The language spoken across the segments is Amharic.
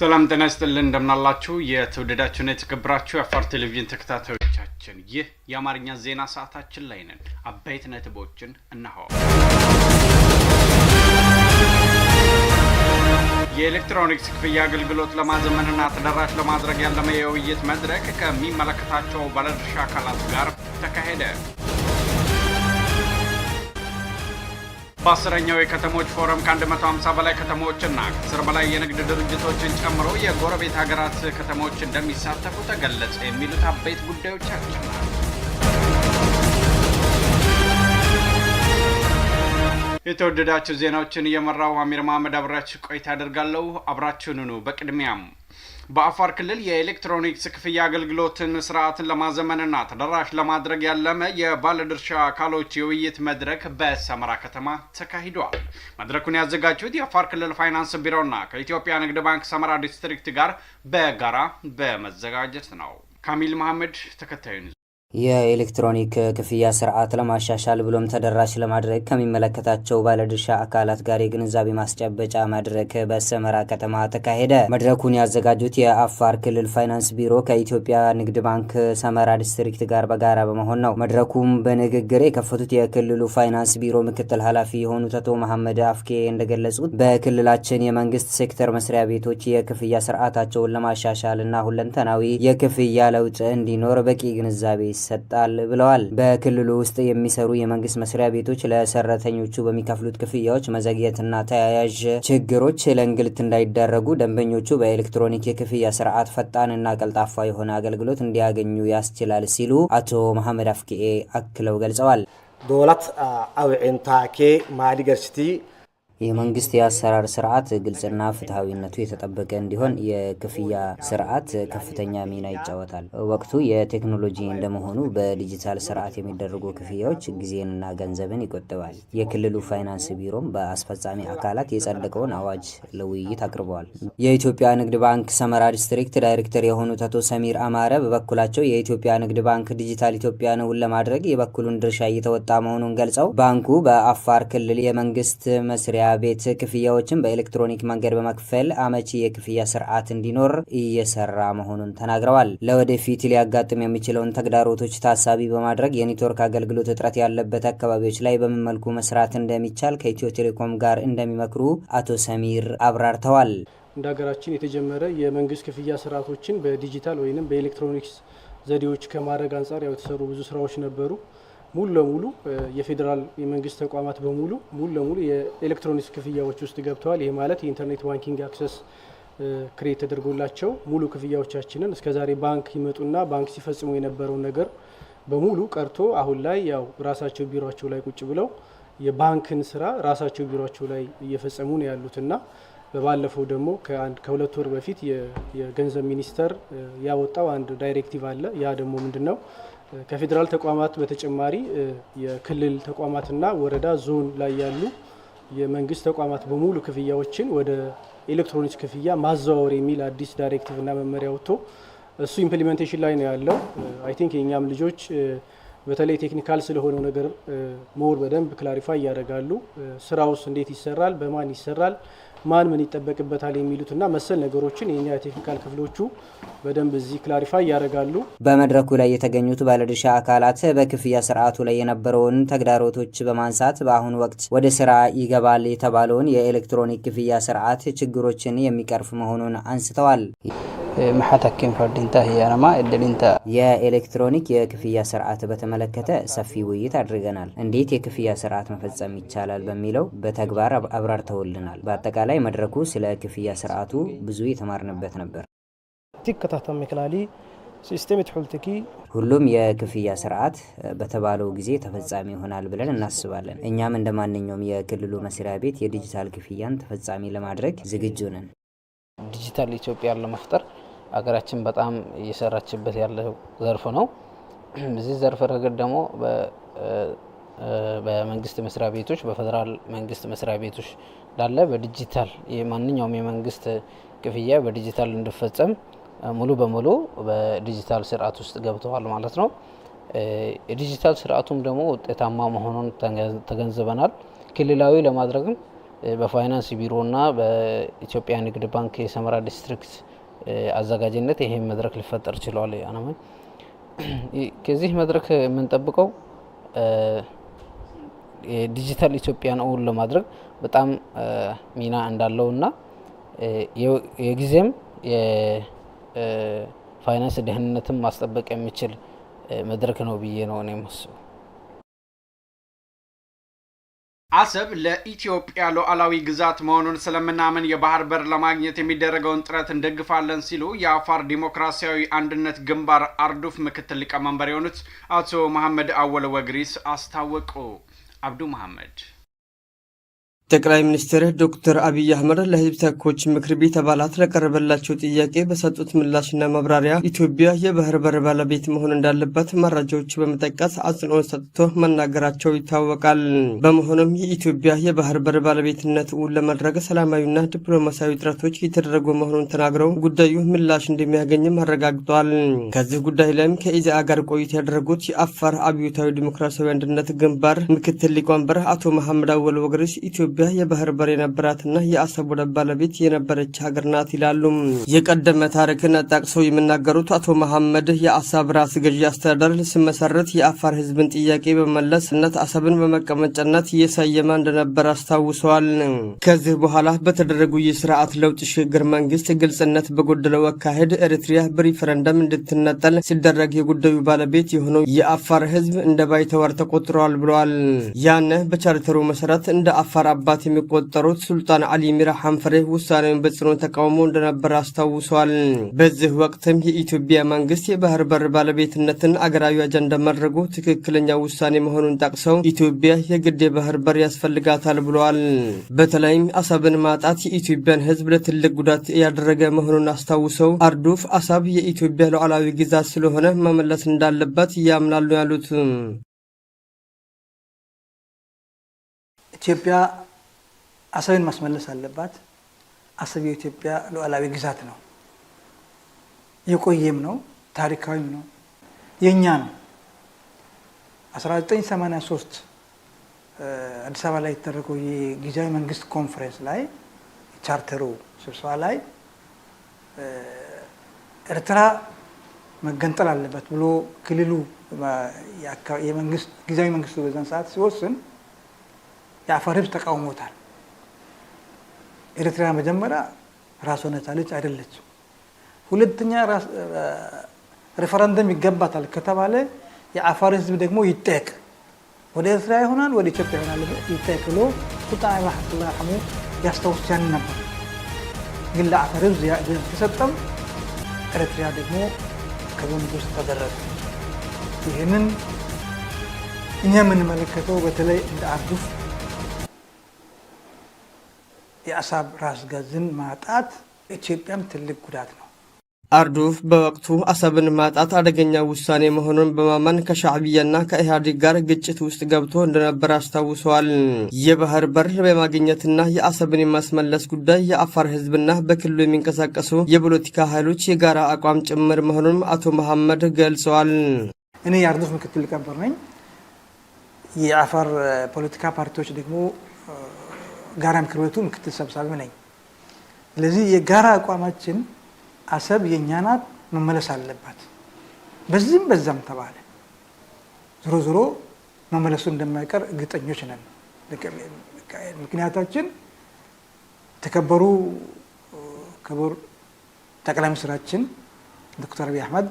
ሰላም ጤና ይስጥልን እንደምናላችሁ የተወደዳችሁና የተከበራችሁ የአፋር ቴሌቪዥን ተከታታዮቻችን፣ ይህ የአማርኛ ዜና ሰዓታችን ላይ ነን። አበይት ነጥቦችን እነሆ። የኤሌክትሮኒክስ ክፍያ አገልግሎት ለማዘመንና ተደራሽ ለማድረግ ያለመ የውይይት መድረክ ከሚመለከታቸው ባለድርሻ አካላት ጋር ተካሄደ። በአስረኛው የከተሞች ፎረም ከ150 በላይ ከተሞችና ከአስር በላይ የንግድ ድርጅቶችን ጨምሮ የጎረቤት ሀገራት ከተሞች እንደሚሳተፉ ተገለጸ። የሚሉት አበይት ጉዳዮቻችን የተወደዳችሁ ዜናዎችን እየመራው አሚር መሀመድ አብራችሁ ቆይታ አደርጋለሁ። አብራችሁን ኑ። በቅድሚያም በአፋር ክልል የኤሌክትሮኒክስ ክፍያ አገልግሎትን ስርዓትን ለማዘመንና ተደራሽ ለማድረግ ያለመ የባለድርሻ አካሎች የውይይት መድረክ በሰመራ ከተማ ተካሂዷል። መድረኩን ያዘጋጁት የአፋር ክልል ፋይናንስ ቢሮና ከኢትዮጵያ ንግድ ባንክ ሰመራ ዲስትሪክት ጋር በጋራ በመዘጋጀት ነው። ካሚል መሐመድ ተከታዩን የኤሌክትሮኒክ ክፍያ ስርዓት ለማሻሻል ብሎም ተደራሽ ለማድረግ ከሚመለከታቸው ባለድርሻ አካላት ጋር የግንዛቤ ማስጨበጫ መድረክ በሰመራ ከተማ ተካሄደ። መድረኩን ያዘጋጁት የአፋር ክልል ፋይናንስ ቢሮ ከኢትዮጵያ ንግድ ባንክ ሰመራ ዲስትሪክት ጋር በጋራ በመሆን ነው። መድረኩም በንግግር የከፈቱት የክልሉ ፋይናንስ ቢሮ ምክትል ኃላፊ የሆኑት አቶ መሐመድ አፍኬ እንደገለጹት በክልላችን የመንግስት ሴክተር መስሪያ ቤቶች የክፍያ ስርዓታቸውን ለማሻሻል እና ሁለንተናዊ የክፍያ ለውጥ እንዲኖር በቂ ግንዛቤ ይሰጣል ብለዋል። በክልሉ ውስጥ የሚሰሩ የመንግስት መስሪያ ቤቶች ለሰራተኞቹ በሚከፍሉት ክፍያዎች መዘግየትና ተያያዥ ችግሮች ለእንግልት እንዳይዳረጉ ደንበኞቹ በኤሌክትሮኒክ የክፍያ ስርዓት ፈጣንና ቀልጣፋ የሆነ አገልግሎት እንዲያገኙ ያስችላል ሲሉ አቶ መሐመድ አፍኪኤ አክለው ገልጸዋል። ዶላት አውዒንታኬ ማዲ የመንግስት የአሰራር ስርዓት ግልጽና ፍትሐዊነቱ የተጠበቀ እንዲሆን የክፍያ ስርዓት ከፍተኛ ሚና ይጫወታል። ወቅቱ የቴክኖሎጂ እንደመሆኑ በዲጂታል ስርዓት የሚደረጉ ክፍያዎች ጊዜንና ገንዘብን ይቆጥባል። የክልሉ ፋይናንስ ቢሮም በአስፈጻሚ አካላት የጸደቀውን አዋጅ ለውይይት አቅርበዋል። የኢትዮጵያ ንግድ ባንክ ሰመራ ዲስትሪክት ዳይሬክተር የሆኑት አቶ ሰሚር አማረ በበኩላቸው የኢትዮጵያ ንግድ ባንክ ዲጂታል ኢትዮጵያን እውን ለማድረግ የበኩሉን ድርሻ እየተወጣ መሆኑን ገልጸው ባንኩ በአፋር ክልል የመንግስት መስሪያ ቤት ክፍያዎችን በኤሌክትሮኒክ መንገድ በመክፈል አመቺ የክፍያ ስርዓት እንዲኖር እየሰራ መሆኑን ተናግረዋል። ለወደፊት ሊያጋጥም የሚችለውን ተግዳሮቶች ታሳቢ በማድረግ የኔትወርክ አገልግሎት እጥረት ያለበት አካባቢዎች ላይ በምን መልኩ መስራት እንደሚቻል ከኢትዮ ቴሌኮም ጋር እንደሚመክሩ አቶ ሰሚር አብራርተዋል። እንደ ሀገራችን የተጀመረ የመንግስት ክፍያ ስርዓቶችን በዲጂታል ወይም በኤሌክትሮኒክስ ዘዴዎች ከማድረግ አንጻር ያው የተሰሩ ብዙ ስራዎች ነበሩ። ሙሉ ለሙሉ የፌዴራል የመንግስት ተቋማት በሙሉ ሙሉ ለሙሉ የኤሌክትሮኒክስ ክፍያዎች ውስጥ ገብተዋል። ይህ ማለት የኢንተርኔት ባንኪንግ አክሰስ ክሬት ተደርጎላቸው ሙሉ ክፍያዎቻችንን እስከዛሬ ባንክ ይመጡና ባንክ ሲፈጽሙ የነበረውን ነገር በሙሉ ቀርቶ አሁን ላይ ያው ራሳቸው ቢሮቸው ላይ ቁጭ ብለው የባንክን ስራ ራሳቸው ቢሮቸው ላይ እየፈጸሙ ነው ያሉትና በባለፈው ደግሞ ከሁለት ወር በፊት የገንዘብ ሚኒስቴር ያወጣው አንድ ዳይሬክቲቭ አለ። ያ ደግሞ ምንድን ነው ከፌዴራል ተቋማት በተጨማሪ የክልል ተቋማትና ወረዳ፣ ዞን ላይ ያሉ የመንግስት ተቋማት በሙሉ ክፍያዎችን ወደ ኤሌክትሮኒክስ ክፍያ ማዘዋወር የሚል አዲስ ዳይሬክቲቭ እና መመሪያ ወጥቶ እሱ ኢምፕሊሜንቴሽን ላይ ነው ያለው። አይ ቲንክ የእኛም ልጆች በተለይ ቴክኒካል ስለሆነው ነገር ሞር በደንብ ክላሪፋይ ያደረጋሉ ስራውስ እንዴት ይሰራል፣ በማን ይሰራል ማን ምን ይጠበቅበታል የሚሉትና መሰል ነገሮችን የኛ የቴክኒካል ክፍሎቹ በደንብ እዚህ ክላሪፋይ ያደርጋሉ። በመድረኩ ላይ የተገኙት ባለድርሻ አካላት በክፍያ ስርዓቱ ላይ የነበረውን ተግዳሮቶች በማንሳት በአሁኑ ወቅት ወደ ስራ ይገባል የተባለውን የኤሌክትሮኒክ ክፍያ ስርዓት ችግሮችን የሚቀርፍ መሆኑን አንስተዋል። መሐተኪን ፈርዲንታ ህያነማ እድልንታ የኤሌክትሮኒክ የክፍያ ስርዓት በተመለከተ ሰፊ ውይይት አድርገናል። እንዴት የክፍያ ስርዓት መፈጸም ይቻላል በሚለው በተግባር አብራርተውልናል። በአጠቃላይ መድረኩ ስለ ክፍያ ስርዓቱ ብዙ የተማርንበት ነበር። ሁሉም የክፍያ ስርዓት በተባለው ጊዜ ተፈጻሚ ይሆናል ብለን እናስባለን። እኛም እንደ ማንኛውም የክልሉ መስሪያ ቤት የዲጂታል ክፍያን ተፈጻሚ ለማድረግ ዝግጁ ነን። ዲጂታል ኢትዮጵያን ለመፍጠር አገራችን በጣም እየሰራችበት ያለው ዘርፍ ነው። በዚህ ዘርፍ ረገድ ደግሞ በመንግስት መስሪያ ቤቶች በፌዴራል መንግስት መስሪያ ቤቶች ላለ በዲጂታል ማንኛውም የመንግስት ክፍያ በዲጂታል እንዲፈጸም ሙሉ በሙሉ በዲጂታል ስርዓት ውስጥ ገብተዋል ማለት ነው። የዲጂታል ስርዓቱም ደግሞ ውጤታማ መሆኑን ተገንዝበናል። ክልላዊ ለማድረግም በፋይናንስ ቢሮና በኢትዮጵያ ንግድ ባንክ የሰመራ ዲስትሪክት አዘጋጅነት ይሄ መድረክ ሊፈጠር ችሏል። አናማኝ ከዚህ መድረክ የምንጠብቀው የዲጂታል ኢትዮጵያን እውን ለማድረግ በጣም ሚና እንዳለው እና የጊዜም የፋይናንስ ደህንነትን ማስጠበቅ የሚችል መድረክ ነው ብዬ ነው እኔ የማስበው። አሰብ ለኢትዮጵያ ሉዓላዊ ግዛት መሆኑን ስለምናምን የባህር በር ለማግኘት የሚደረገውን ጥረት እንደግፋለን ሲሉ የአፋር ዲሞክራሲያዊ አንድነት ግንባር አርዱፍ ምክትል ሊቀመንበር የሆኑት አቶ መሐመድ አወል ወግሪስ አስታወቁ። አብዱ መሐመድ ጠቅላይ ሚኒስትር ዶክተር አብይ አህመድ ለህዝብ ተወካዮች ምክር ቤት አባላት ለቀረበላቸው ጥያቄ በሰጡት ምላሽና ማብራሪያ ኢትዮጵያ የባህር በር ባለቤት መሆን እንዳለባት መረጃዎች በመጠቀስ አጽንኦት ሰጥቶ መናገራቸው ይታወቃል። በመሆኑም የኢትዮጵያ የባህር በር ባለቤትነት እውን ለማድረግ ሰላማዊና ዲፕሎማሲያዊ ጥረቶች የተደረጉ መሆኑን ተናግረው ጉዳዩ ምላሽ እንደሚያገኝም አረጋግጧል። ከዚህ ጉዳይ ላይም ከኢዜአ ጋር ቆይታ ያደረጉት የአፋር አብዮታዊ ዲሞክራሲያዊ አንድነት ግንባር ምክትል ሊቀመንበር አቶ መሐመድ አወል ወግሪስ ኢትዮጵያ የባህር በር የነበራትና የአሰብ ወደብ ባለቤት የነበረች ሀገር ናት ይላሉ። የቀደመ ታሪክን ጠቅሰው የሚናገሩት አቶ መሐመድ የአሰብ ራስ ገዢ አስተዳደር ሲመሰረት የአፋር ሕዝብን ጥያቄ በመለስነት አሰብን በመቀመጫነት እየሰየመ እንደነበር አስታውሰዋል። ከዚህ በኋላ በተደረጉ የስርዓት ለውጥ ሽግግር መንግስት ግልጽነት በጎደለው አካሄድ ኤርትሪያ በሪፈረንደም እንድትነጠል ሲደረግ የጉዳዩ ባለቤት የሆነው የአፋር ሕዝብ እንደ ባይተዋር ተቆጥረዋል ብለዋል። ያነ በቻርተሩ መሰረት እንደ አፋር አባት የሚቆጠሩት ሱልጣን አሊ ሚራ ሐንፈሬ ውሳኔውን በጽኑ ተቃውሞ እንደነበር አስታውሷል። በዚህ ወቅትም የኢትዮጵያ መንግስት የባህር በር ባለቤትነትን አገራዊ አጀንዳ ማድረጉ ትክክለኛ ውሳኔ መሆኑን ጠቅሰው ኢትዮጵያ የግድ የባህር በር ያስፈልጋታል ብለዋል። በተለይም አሰብን ማጣት የኢትዮጵያን ህዝብ ለትልቅ ጉዳት ያደረገ መሆኑን አስታውሰው አርዱፍ አሰብ የኢትዮጵያ ሉዓላዊ ግዛት ስለሆነ መመለስ እንዳለበት ያምናሉ ያሉት ኢትዮጵያ አሰብን ማስመለስ አለባት። አሰብ የኢትዮጵያ ሉዓላዊ ግዛት ነው። የቆየም ነው፣ ታሪካዊም ነው፣ የእኛ ነው። 1983 አዲስ አበባ ላይ የተደረገው የጊዜያዊ መንግስት ኮንፈረንስ ላይ ቻርተሩ ስብሰባ ላይ ኤርትራ መገንጠል አለበት ብሎ ክልሉ የመንግስት ጊዜያዊ መንግስቱ በዛን ሰዓት ሲወስን የአፋር ህዝብ ተቃውሞታል። ኤርትራ መጀመሪያ ራሷን የቻለች አይደለች። ሁለተኛ ሪፈረንደም ይገባታል ከተባለ የአፋር ህዝብ ደግሞ ይጠየቅ፣ ወደ ኤርትራ ይሆናል ወደ ኢትዮጵያ ይሆናል ይጠየቅ ብሎ ቁጣ ራሕመቱላ ርሐሙ ያስታውስ ያን ነበር። ግን ለአፋር ህዝብ ተሰጠም፣ ኤርትራ ደግሞ ከወንድ ውስጥ ተደረገ። ይህንን እኛ የምንመለከተው በተለይ እንደ አርዱፍ የአሳብ ራስ ገዝን ማጣት ኢትዮጵያም ትልቅ ጉዳት ነው። አርዱፍ በወቅቱ አሰብን ማጣት አደገኛ ውሳኔ መሆኑን በማመን ከሻዕቢያና ከኢህአዴግ ጋር ግጭት ውስጥ ገብቶ እንደነበር አስታውሰዋል። የባህር በር በማግኘትና የአሰብን የማስመለስ ጉዳይ የአፋር ሕዝብና በክልሉ የሚንቀሳቀሱ የፖለቲካ ኃይሎች የጋራ አቋም ጭምር መሆኑን አቶ መሐመድ ገልጸዋል። እኔ የአርዱፍ ምክትል ሊቀመንበር ነኝ። የአፋር ፖለቲካ ፓርቲዎች ደግሞ ጋራ ምክር ቤቱ ምክትል ሰብሳቢ ነኝ። ስለዚህ የጋራ አቋማችን አሰብ የእኛ ናት፣ መመለስ አለባት። በዚህም በዛም ተባለ፣ ዞሮ ዞሮ መመለሱ እንደማይቀር እግጠኞች ነን። ምክንያታችን የተከበሩ ክቡር ጠቅላይ ሚኒስትራችን ዶክተር አብይ አህመድ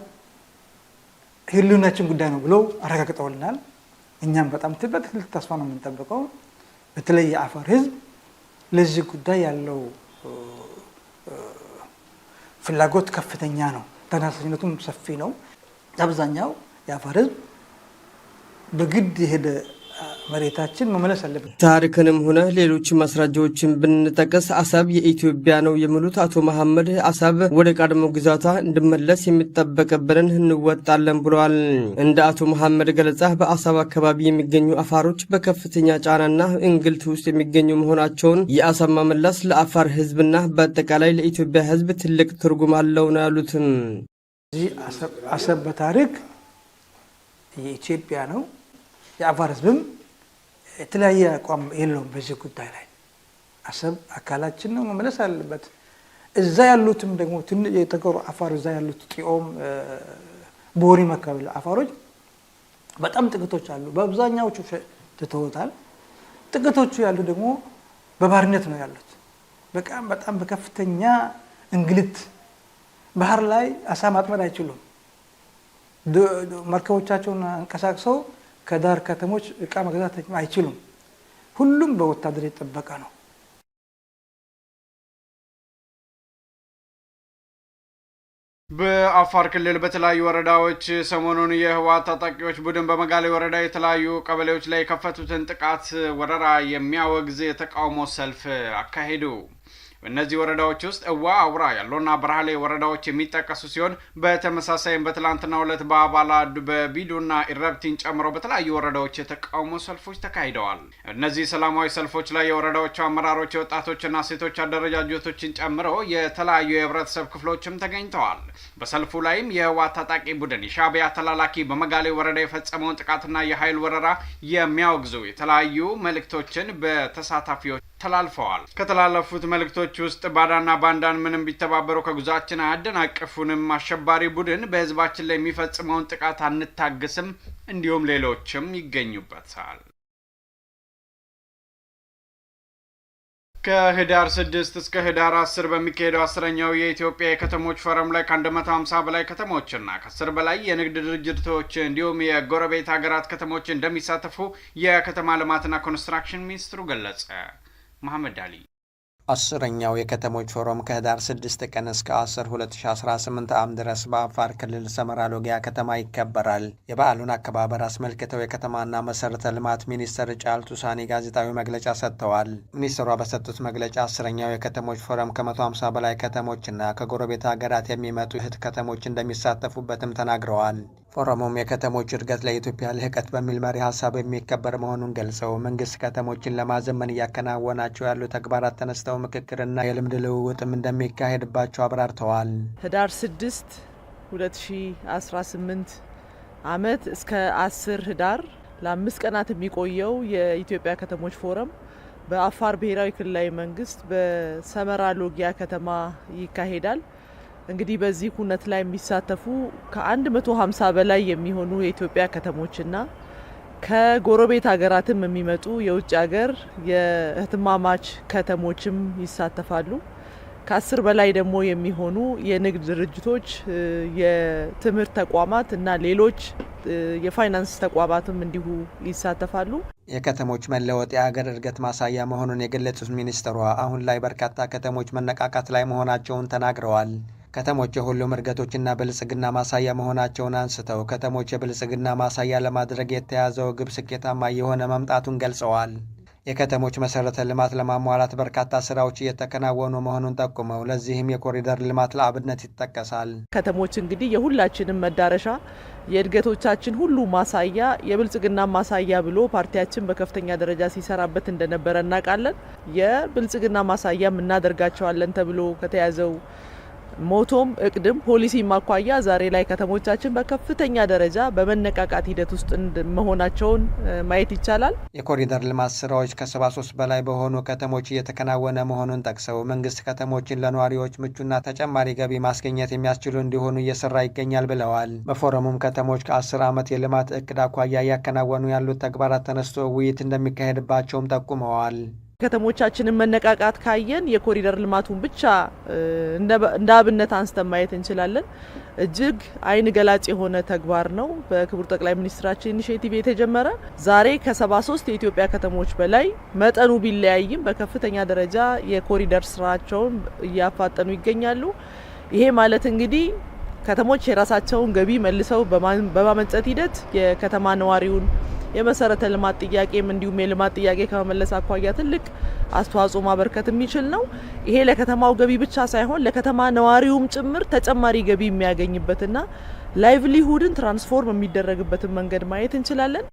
የህልውናችን ጉዳይ ነው ብለው አረጋግጠውልናል። እኛም በጣም ትበት ተስፋ ነው የምንጠብቀው። በተለይ የአፋር ህዝብ ለዚህ ጉዳይ ያለው ፍላጎት ከፍተኛ ነው። ተነሳሽነቱም ሰፊ ነው። አብዛኛው የአፋር ህዝብ በግድ የሄደ መሬታችን መመለስ አለበት። ታሪክንም ሆነ ሌሎች ማስረጃዎችን ብንጠቅስ አሰብ የኢትዮጵያ ነው የሚሉት አቶ መሐመድ አሰብ ወደ ቀድሞ ግዛቷ እንድመለስ የሚጠበቅብንን እንወጣለን ብለዋል። እንደ አቶ መሐመድ ገለጻ በአሰብ አካባቢ የሚገኙ አፋሮች በከፍተኛ ጫናና እንግልት ውስጥ የሚገኙ መሆናቸውን የአሰብ መመለስ ለአፋር ሕዝብና በአጠቃላይ ለኢትዮጵያ ሕዝብ ትልቅ ትርጉም አለው ነው ያሉትም። እዚህ አሰብ በታሪክ የኢትዮጵያ ነው የአፋር ሕዝብም የተለያየ አቋም የለውም በዚህ ጉዳይ ላይ። አሰብ አካላችን ነው መመለስ አለበት። እዛ ያሉትም ደግሞ የተቀሩ አፋር እዛ ያሉት ጢኦም፣ ቦሪ መካበል አፋሮች በጣም ጥቅቶች አሉ። በአብዛኛዎቹ ትተውታል። ጥቅቶቹ ያሉ ደግሞ በባርነት ነው ያሉት። በቃም በጣም በከፍተኛ እንግልት ባህር ላይ አሳ ማጥመድ አይችሉም። መርከቦቻቸውን አንቀሳቅሰው ከዳር ከተሞች እቃ መግዛት አይችሉም። ሁሉም በወታደር የጠበቀ ነው። በአፋር ክልል በተለያዩ ወረዳዎች ሰሞኑን የህወሓት ታጣቂዎች ቡድን በመጋሌ ወረዳ የተለያዩ ቀበሌዎች ላይ የከፈቱትን ጥቃት ወረራ የሚያወግዝ የተቃውሞ ሰልፍ አካሄዱ። በእነዚህ ወረዳዎች ውስጥ እዋ፣ አውራ ያለውና ብርሃሌ ወረዳዎች የሚጠቀሱ ሲሆን በተመሳሳይም በትላንትናው ዕለት በአባላ በቢዶና ኢረብቲን ጨምሮ በተለያዩ ወረዳዎች የተቃውሞ ሰልፎች ተካሂደዋል። እነዚህ ሰላማዊ ሰልፎች ላይ የወረዳዎቹ አመራሮች፣ የወጣቶችና ሴቶች አደረጃጀቶችን ጨምሮ የተለያዩ የህብረተሰብ ክፍሎችም ተገኝተዋል። በሰልፉ ላይም የህወሓት ታጣቂ ቡድን የሻቢያ ተላላኪ በመጋሌ ወረዳ የፈጸመውን ጥቃትና የኃይል ወረራ የሚያወግዙ የተለያዩ መልእክቶችን በተሳታፊዎች ተላልፈዋል። ከተላለፉት መልእክቶች ውስጥ ባዳና ባንዳን ምንም ቢተባበሩ ከጉዟችን አያደናቅፉንም፣ አሸባሪ ቡድን በህዝባችን ላይ የሚፈጽመውን ጥቃት አንታግስም፣ እንዲሁም ሌሎችም ይገኙበታል። ከህዳር 6 እስከ ህዳር 10 በሚካሄደው አስረኛው የኢትዮጵያ የከተሞች ፎረም ላይ ከ150 በላይ ከተሞችና ከ10 በላይ የንግድ ድርጅቶች እንዲሁም የጎረቤት ሀገራት ከተሞች እንደሚሳተፉ የከተማ ልማትና ኮንስትራክሽን ሚኒስትሩ ገለጸ። መሐመድ አሊ አስረኛው የከተሞች ፎረም ከህዳር 6 ቀን እስከ 10 2018 ዓ.ም ድረስ በአፋር ክልል ሰመራ ሎጊያ ከተማ ይከበራል። የበዓሉን አከባበር አስመልክተው የከተማና መሰረተ ልማት ሚኒስትር ጫልቱ ሳኒ ጋዜጣዊ መግለጫ ሰጥተዋል። ሚኒስትሯ በሰጡት መግለጫ አስረኛው የከተሞች ፎረም ከ150 በላይ ከተሞችና ከጎረቤት ሀገራት የሚመጡ እህት ከተሞች እንደሚሳተፉበትም ተናግረዋል። ፎረሙም የከተሞች እድገት ለኢትዮጵያ ልህቀት በሚል መሪ ሀሳብ የሚከበር መሆኑን ገልጸው መንግስት ከተሞችን ለማዘመን እያከናወናቸው ያሉ ተግባራት ተነስተው ምክክርና የልምድ ልውውጥም እንደሚካሄድባቸው አብራርተዋል። ህዳር 6 2018 ዓመት እስከ 10 ህዳር ለአምስት ቀናት የሚቆየው የኢትዮጵያ ከተሞች ፎረም በአፋር ብሔራዊ ክልላዊ መንግስት በሰመራ ሎጊያ ከተማ ይካሄዳል። እንግዲህ በዚህ ሁነት ላይ የሚሳተፉ ከ150 በላይ የሚሆኑ የኢትዮጵያ ከተሞችና ከጎረቤት ሀገራትም የሚመጡ የውጭ ሀገር የህትማማች ከተሞችም ይሳተፋሉ። ከአስር በላይ ደግሞ የሚሆኑ የንግድ ድርጅቶች፣ የትምህርት ተቋማት እና ሌሎች የፋይናንስ ተቋማትም እንዲሁ ይሳተፋሉ። የከተሞች መለወጥ የሀገር እድገት ማሳያ መሆኑን የገለጹት ሚኒስትሯ አሁን ላይ በርካታ ከተሞች መነቃቃት ላይ መሆናቸውን ተናግረዋል። ከተሞች የሁሉም እድገቶችና ብልጽግና ማሳያ መሆናቸውን አንስተው ከተሞች የብልጽግና ማሳያ ለማድረግ የተያዘው ግብ ስኬታማ የሆነ መምጣቱን ገልጸዋል። የከተሞች መሰረተ ልማት ለማሟላት በርካታ ስራዎች እየተከናወኑ መሆኑን ጠቁመው ለዚህም የኮሪደር ልማት ለአብነት ይጠቀሳል። ከተሞች እንግዲህ የሁላችንም መዳረሻ የእድገቶቻችን ሁሉ ማሳያ የብልጽግና ማሳያ ብሎ ፓርቲያችን በከፍተኛ ደረጃ ሲሰራበት እንደነበረ እናውቃለን። የብልጽግና ማሳያም እናደርጋቸዋለን ተብሎ ከተያዘው ሞቶም እቅድም ፖሊሲ ማኳያ ዛሬ ላይ ከተሞቻችን በከፍተኛ ደረጃ በመነቃቃት ሂደት ውስጥ መሆናቸውን ማየት ይቻላል። የኮሪደር ልማት ስራዎች ከሰባ ሶስት በላይ በሆኑ ከተሞች እየተከናወነ መሆኑን ጠቅሰው መንግስት ከተሞችን ለነዋሪዎች ምቹና ተጨማሪ ገቢ ማስገኘት የሚያስችሉ እንዲሆኑ እየሰራ ይገኛል ብለዋል። በፎረሙም ከተሞች ከ10 ዓመት የልማት እቅድ አኳያ እያከናወኑ ያሉት ተግባራት ተነስቶ ውይይት እንደሚካሄድባቸውም ጠቁመዋል። ከተሞቻችንን መነቃቃት ካየን የኮሪደር ልማቱን ብቻ እንደ አብነት አንስተን ማየት እንችላለን። እጅግ አይን ገላጭ የሆነ ተግባር ነው። በክቡር ጠቅላይ ሚኒስትራችን ኢኒሽቲቭ የተጀመረ ዛሬ ከ73 የኢትዮጵያ ከተሞች በላይ መጠኑ ቢለያይም በከፍተኛ ደረጃ የኮሪደር ስራቸውን እያፋጠኑ ይገኛሉ። ይሄ ማለት እንግዲህ ከተሞች የራሳቸውን ገቢ መልሰው በማመንጨት ሂደት የከተማ ነዋሪውን የመሰረተ ልማት ጥያቄም እንዲሁም የልማት ጥያቄ ከመመለስ አኳያ ትልቅ አስተዋጽኦ ማበርከት የሚችል ነው። ይሄ ለከተማው ገቢ ብቻ ሳይሆን ለከተማ ነዋሪውም ጭምር ተጨማሪ ገቢ የሚያገኝበትና ላይቭሊሁድን ትራንስፎርም የሚደረግበትን መንገድ ማየት እንችላለን።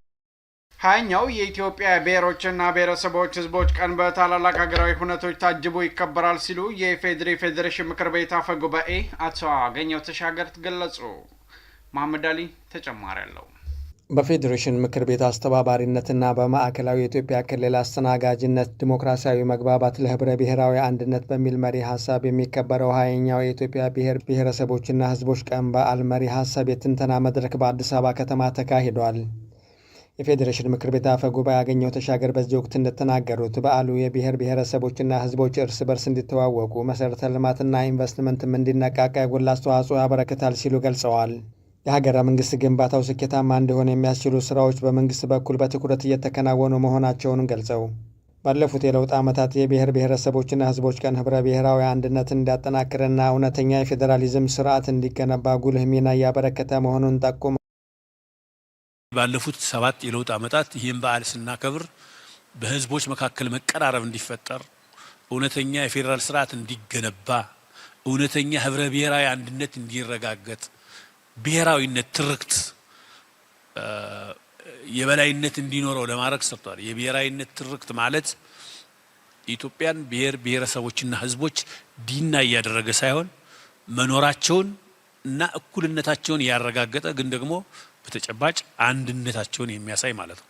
ሀያኛው የኢትዮጵያ ብሔሮችና ብሔረሰቦች ህዝቦች ቀን በታላላቅ ሀገራዊ ሁነቶች ታጅቦ ይከበራል ሲሉ የኢፌዴሪ ፌዴሬሽን ምክር ቤት አፈ ጉባኤ አቶ አገኘው ተሻገርት ገለጹ። መሀመድ አሊ ተጨማሪ አለው። በፌዴሬሽን ምክር ቤት አስተባባሪነትና በማዕከላዊ የኢትዮጵያ ክልል አስተናጋጅነት ዲሞክራሲያዊ መግባባት ለህብረ ብሔራዊ አንድነት በሚል መሪ ሀሳብ የሚከበረው ሀያኛው የኢትዮጵያ ብሔር ብሔረሰቦችና ህዝቦች ቀን በዓል መሪ ሀሳብ የትንተና መድረክ በአዲስ አበባ ከተማ ተካሂዷል። የፌዴሬሽን ምክር ቤት አፈ ጉባኤ ያገኘው ተሻገር በዚህ ወቅት እንደተናገሩት በዓሉ የብሔር ብሔረሰቦችና ህዝቦች እርስ በርስ እንዲተዋወቁ መሠረተ ልማትና ኢንቨስትመንትም እንዲነቃቃ የጎላ አስተዋጽኦ ያበረክታል ሲሉ ገልጸዋል። የሀገረ መንግስት ግንባታው ስኬታማ እንደሆነ የሚያስችሉ ስራዎች በመንግስት በኩል በትኩረት እየተከናወኑ መሆናቸውን ገልጸው ባለፉት የለውጥ ዓመታት የብሔር ብሔረሰቦችና ህዝቦች ቀን ህብረ ብሔራዊ አንድነት እንዲያጠናክርና እውነተኛ የፌዴራሊዝም ስርዓት እንዲገነባ ጉልህ ሚና እያበረከተ መሆኑን ጠቁመው ባለፉት ሰባት የለውጥ ዓመታት ይህም በዓል ስናከብር በህዝቦች መካከል መቀራረብ እንዲፈጠር፣ እውነተኛ የፌዴራል ስርዓት እንዲገነባ፣ እውነተኛ ህብረ ብሔራዊ አንድነት እንዲረጋገጥ ብሔራዊነት ትርክት የበላይነት እንዲኖረው ለማድረግ ሰርቷል። የብሔራዊነት ትርክት ማለት ኢትዮጵያን ብሔር ብሔረሰቦችና ሕዝቦች ዲና እያደረገ ሳይሆን መኖራቸውን እና እኩልነታቸውን ያረጋገጠ ግን ደግሞ በተጨባጭ አንድነታቸውን የሚያሳይ ማለት ነው።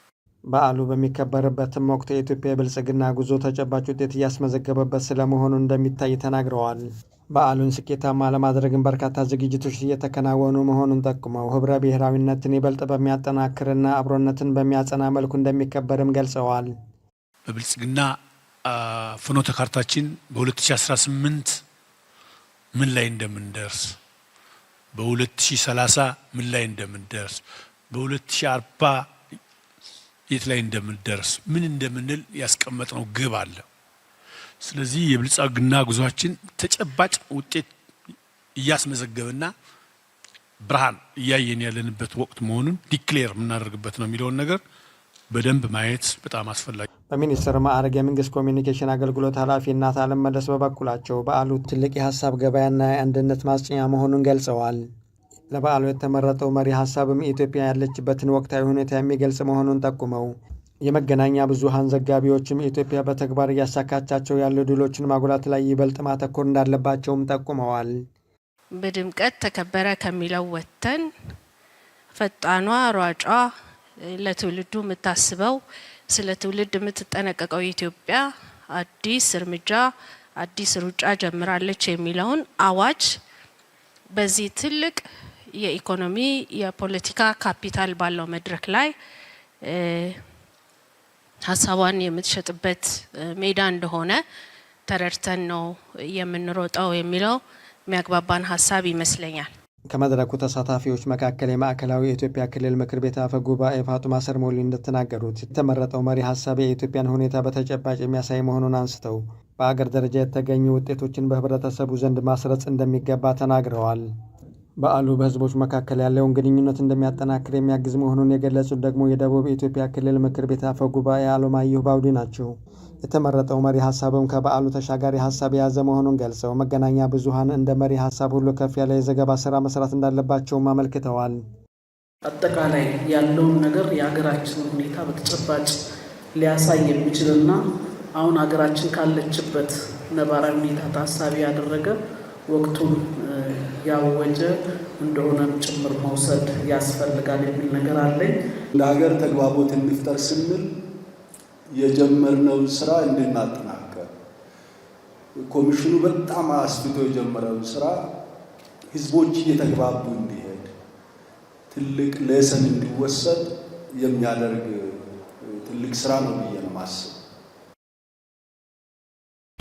በዓሉ በሚከበርበትም ወቅት የኢትዮጵያ የብልጽግና ጉዞ ተጨባጭ ውጤት እያስመዘገበበት ስለመሆኑ እንደሚታይ ተናግረዋል። በዓሉን ስኬታማ ለማድረግም በርካታ ዝግጅቶች እየተከናወኑ መሆኑን ጠቁመው ህብረ ብሔራዊነትን ይበልጥ በሚያጠናክርና አብሮነትን በሚያጸና መልኩ እንደሚከበርም ገልጸዋል። በብልጽግና ፍኖተ ካርታችን በ2018 ምን ላይ እንደምንደርስ፣ በ2030 ምን ላይ እንደምንደርስ፣ በ2040 የት ላይ እንደምንደርስ ምን እንደምንል ያስቀመጥነው ግብ አለ። ስለዚህ የብልጻግና ጉዟችን ተጨባጭ ውጤት እያስመዘገብና ብርሃን እያየን ያለንበት ወቅት መሆኑን ዲክሌር የምናደርግበት ነው የሚለውን ነገር በደንብ ማየት በጣም አስፈላጊ። በሚኒስትር ማዕረግ የመንግስት ኮሚኒኬሽን አገልግሎት ኃላፊ እናት አለም መለስ በበኩላቸው በዓሉ ትልቅ የሀሳብ ገበያና የአንድነት ማስጨኛ መሆኑን ገልጸዋል። ለበዓሉ የተመረጠው መሪ ሀሳብም ኢትዮጵያ ያለችበትን ወቅታዊ ሁኔታ የሚገልጽ መሆኑን ጠቁመው የመገናኛ ብዙሃን ዘጋቢዎችም ኢትዮጵያ በተግባር እያሳካቻቸው ያሉ ድሎችን ማጉላት ላይ ይበልጥ ማተኮር እንዳለባቸውም ጠቁመዋል። በድምቀት ተከበረ ከሚለው ወጥተን ፈጣኗ ሯጯ ለትውልዱ የምታስበው ስለ ትውልድ የምትጠነቀቀው ኢትዮጵያ አዲስ እርምጃ አዲስ ሩጫ ጀምራለች የሚለውን አዋጅ በዚህ ትልቅ የኢኮኖሚ የፖለቲካ ካፒታል ባለው መድረክ ላይ ሀሳቧን የምትሸጥበት ሜዳ እንደሆነ ተረድተን ነው የምንሮጠው የሚለው የሚያግባባን ሀሳብ ይመስለኛል። ከመድረኩ ተሳታፊዎች መካከል የማዕከላዊ የኢትዮጵያ ክልል ምክር ቤት አፈ ጉባኤ ፋጡማ ሰርሞሊ እንደተናገሩት የተመረጠው መሪ ሀሳብ የኢትዮጵያን ሁኔታ በተጨባጭ የሚያሳይ መሆኑን አንስተው በአገር ደረጃ የተገኙ ውጤቶችን በህብረተሰቡ ዘንድ ማስረጽ እንደሚገባ ተናግረዋል። በዓሉ በህዝቦች መካከል ያለውን ግንኙነት እንደሚያጠናክር የሚያግዝ መሆኑን የገለጹት ደግሞ የደቡብ ኢትዮጵያ ክልል ምክር ቤት አፈ ጉባኤ አለማየሁ ባውዲ ናቸው። የተመረጠው መሪ ሀሳብም ከበዓሉ ተሻጋሪ ሀሳብ የያዘ መሆኑን ገልጸው መገናኛ ብዙሀን እንደ መሪ ሀሳብ ሁሉ ከፍ ያለ የዘገባ ስራ መስራት እንዳለባቸውም አመልክተዋል። አጠቃላይ ያለውን ነገር የሀገራችንን ሁኔታ በተጨባጭ ሊያሳይ የሚችልና አሁን ሀገራችን ካለችበት ነባራዊ ሁኔታ ታሳቢ ያደረገ ወቅቱን ያወጀ እንደሆነም ጭምር መውሰድ ያስፈልጋል የሚል ነገር አለኝ። እንደ ሀገር ተግባቦት እንፍጠር ስንል የጀመርነውን ስራ እንድናጠናከር ኮሚሽኑ በጣም አስፍቶ የጀመረውን ስራ ህዝቦች እየተግባቡ እንዲሄድ ትልቅ ሌሰን እንዲወሰድ የሚያደርግ ትልቅ ስራ ነው ብዬ ነው ማስብ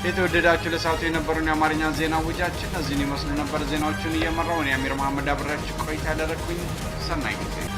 የተወደዳችሁ ለሰዓቱ የነበሩን የአማርኛ ዜና ውጃችን እነዚህን ይመስሉ ነበር። ዜናዎቹን እየመራውን የአሚር መሐመድ አብራችሁ ቆይታ ያደረግኩኝ ሰናይ ጊዜ